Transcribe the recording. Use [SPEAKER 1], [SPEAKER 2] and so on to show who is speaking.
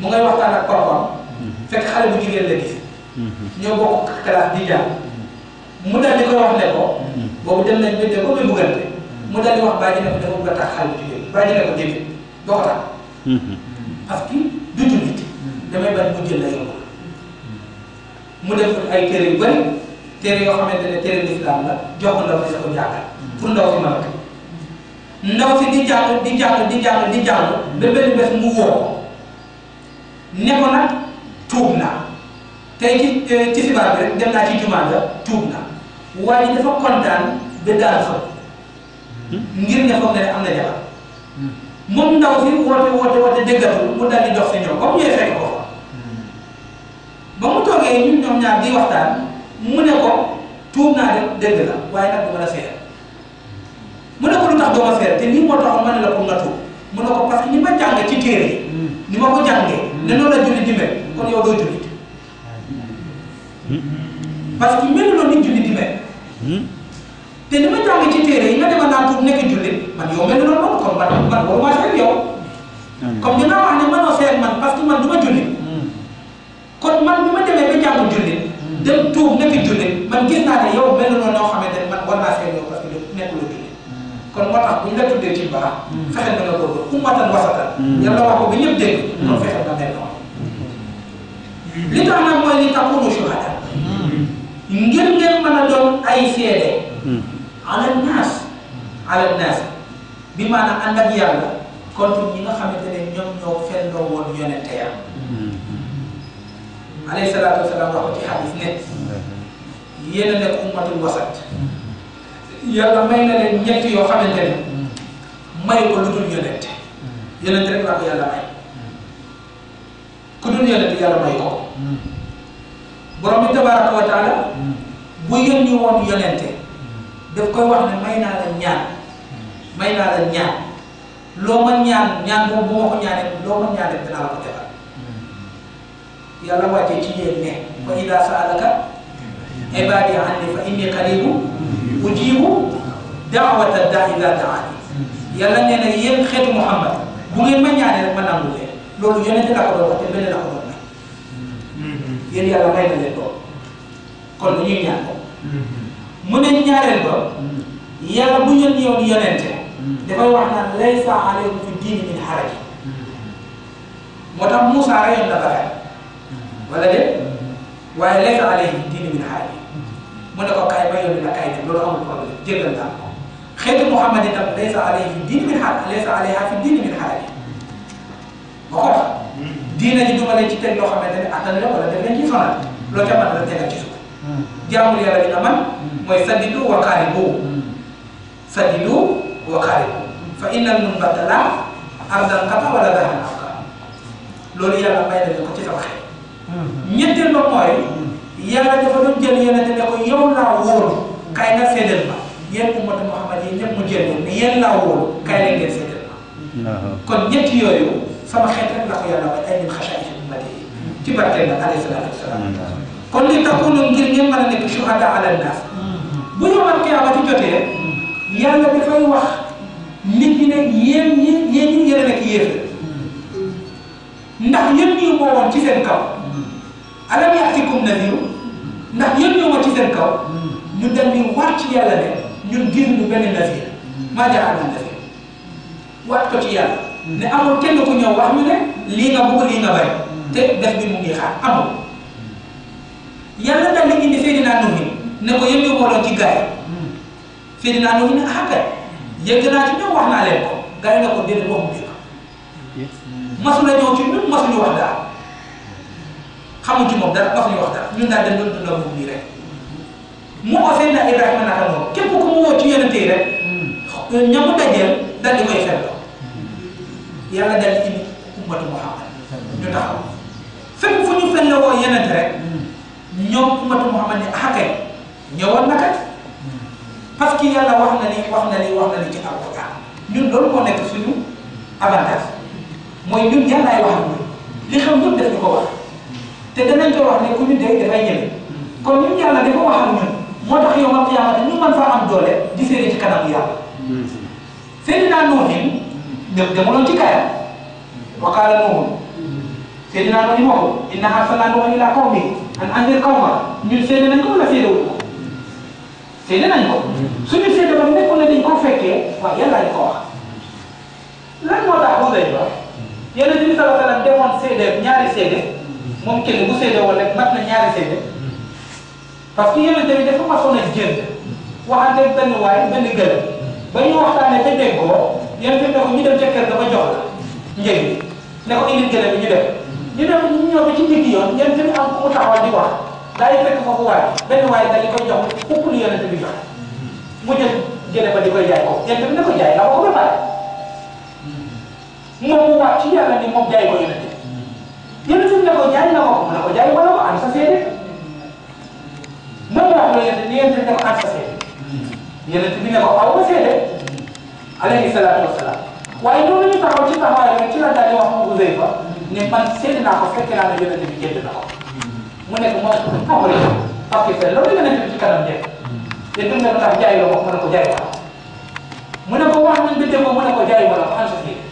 [SPEAKER 1] mu ngay waxtaan ak papam mhm. fekk xale bu jigéen la gis mhm. ñoo bokk classe di jàng mu daal ko koy wax ne ko mhm. boobu dem nañ bédde ba muy buggante mu daal di a tax xale bu jigéen bàyyi ne ko déedéet doo ko du jullit damay bañ mu jël la yóbbu mu def ay téere yu bëri téere yoo xamante ne téere lislaam la jox ko ndaw si ko jàngal pour ndaw si mën a ndaw si di jàng di jàng di jàng di jàng ba benn mu woo ne ko nag tuub naa tey ci euh, ci xibaar bi rek dem naa ci jumaa ja tuub naa waa ji dafa kontaan ba daal fa ngir ne foog ne am na jabar moom ndaw si woote woote woote déggatu mu daal di si ñoom comme ñooy fekk ko fa ba mu toogee ñun ñoom ñaar di waxtaan mu ne ko tuub naa de dégg la waaye nag du ma mu ne ko lu tax doo ma te lii moo taxoon ma ne la nga tuub mu ne ko parce que ni ma jàng ci téere yi ni hmm. ma ko jàngee hmm. ne noonu la julli di mel kon yow doo jullit parce que melu noonu ni julli di mel hmm.
[SPEAKER 2] te ni ma jàng ci téere yi nga demal naan pour nekk
[SPEAKER 1] jullit man yow melu noonu noonu kon man man waruma seet yow comme dinaa wax ne manoo seet man parce que man du ma jullit kon man bi ma demee ba jàng jullit dem tuub nekk jullit man gis naa ne yow melu noonu noo xamante ne man war naa seet yow parce que nekkul jullit kon moo tax bu ñu la tuddee ci baax fexe na nga ummatan wasatan. Hmm. yàlla wax ko ba ñëpp dégg. kon hmm. fexe ba mel noonu. li tax nag mooy li takunu shuhada. Hmm. ngir ngeen mën a doon ay seede. ala naas ala naas bi maanaam ànd ak yàlla contre ñi nga xamante ne ñoom ñoo felloo woon yonente ya. alayhi salaatu wasalaam wax ci xadis ne yéen nekk ummatul wasat. yàlla may na leen ñett yoo xamante ne may ko lu dul yonente yonent rek laa ko yàlla may ku dul yonent yàlla may ko borom bi tabaraka wa taala bu yónni woon yonente daf koy wax ne may naa la ñaan may naa la ñaan loo ma ñaan ñaan boobu bu ma ko ñaanee loo ma ñaanee dinaa ko defal yàlla wàccee ci yéen ne fa ida saalaka ibaadi anni fa inni qaribu ujibu daawata daa ida daani yàlla nee na Muhammad du ngeen ma ñaaneel ma nangu leen loolu yonente la ko doon wax te mel la ko doon may yéen yàlla may na leen loolu kon lu ñuy ñaan ko mu ne ñaareel ba yàlla bu ñeen yoon yonente dafay wax naan laysa aleykum fi diini min xaraj moo tax Moussa rayoon na Balaam wala de waaye laysa aleyhi diini min xaraj mu ne ko kaay ma yónni la kaay dem loolu amul problème jéggal naa ko خير محمد دم ليس عليه في الدين من حق ليس عليها في الدين من حاجه وكرا دينا دي دوما لي تي لو خامي داني اتان لا ولا داني كي فانا لو تي مان لا تي لا تي سوك جامو يالا لي نمان نعم. موي سديدو وقاربو سديدو وقاربو فان لم نبدلا ارضا قطا ولا ذهبا لول يالا باي داني نعم. كو تي تاخ نيتل ما موي يالا دا فا دون جيل يالا yéen laa wóolu kaay leen ngeen seetal ma kon ñett yooyu sama xeet rek la ko yàlla wax ay min xasaa'is ummati ci barkeel na alayhi salaatu wasalaam mm. kon li takunu ngir ngeen mën a nekk bu ñu qiyaamati jotee yàlla dafay wax nit ñi ne yéen ñi yéen ñi yéen a nekk yéefar ndax yéen ñi moo ci seen kaw alam yaatikum nadiru ndax yéen ci seen kaw mm. ñu dem di war ci yàlla ne ñun gis ñu benn nadir maa jaaxal def waat ko ci yàlla. ne amul kenn ku ñëw wax ñu ne lii nga bëgg lii nga bari. te def bi mu ngi xaar amul. yàlla daal di indi Seydina Nuuh ne ko yéen ci gaay yi. ne ah kay yëgg naa ci ñoom wax naa leen ko gaay yi nga ko déedéet waxuñu
[SPEAKER 2] dëgg.
[SPEAKER 1] masu la ñëw ci ñun masuñu wax daal. xamuñ ci moom dara masuñu wax dara ñun daal dañ doon dundal nii rek. mu ko Seydina Ibrahima naka noonu képp ku mu woo ci yonent yi rek. ñamu dajel dal di koy xello yalla dal ci ummatu muhammad ñu taxaw fekk fu ñu felle wo yenent rek ñom ummatu muhammad ni akay ñewon naka parce que yalla wax na li wax na li wax na li ci alquran ñun lool ko nek suñu avantage moy ñun yalla wax li xam ñun def ko wax te danañ ko wax ne ku ñu dégg dafay ñëw kon ñun yalla dafa wax ak ñun motax yow ma qiyamata ñu man fa am doole di ci kanam yalla Seydina Nuuhin dem demuloon ci kayam wa qaala Nuuhun Seydina Nuuhin waxu inna arsalnaa Nuuhan ilaa qawmihi an anzir qawmah ñun seede nañ ko wala seede wuñ ko seede nañ ko suñu seede ba nekkul ne dañ ko fekkee waaw yàlla ñu ko wax lan moo tax bu dee ba yonent bi sallallahu alayhi wa sallam demoon seede ñaari seede moom kenn bu seede na ñaari seede parce que yonent bi dafa masoon a jënd waxante ba ñu waxtaanee te dégg ko yéen fi ne ko ñu dem ca kër ga ba jox la njëg ne ko indil gëlëm bi ñu dem ñu dem ñu ñëw ba ci digg yoon yéen fi am ku mu taxawal di wax daal di fekk foofu waay benn waay daal di koy jox fukk lu yonente bi jox mu jël jële ba di koy jaay ko yéen fi ne ko jaay la ko ba pare moom mu wax ci yàlla ni moom jaay ko yonente yonente bi ne ko jaay na ko mu ne ko jaay wala ko am sa seede moom wax la yonente ni yonente ne ko am sa seede yonent bi ne ko aw ma seede alayhi salaatu wasalaam waaye loolu ñu taxaw ci taxawaay bi ci la daal di wax moom Uzayfa ne man seede naa ko fekk naa ne yonent bi jënd na ko mu nekk moo taxawal parce que loolu yonent bi ci kanam def te dund na ko ndax jaay la wax mu ne ko jaay ma mu ne ko
[SPEAKER 2] wax nañ ba déggoo mu ne ko jaay ma la ko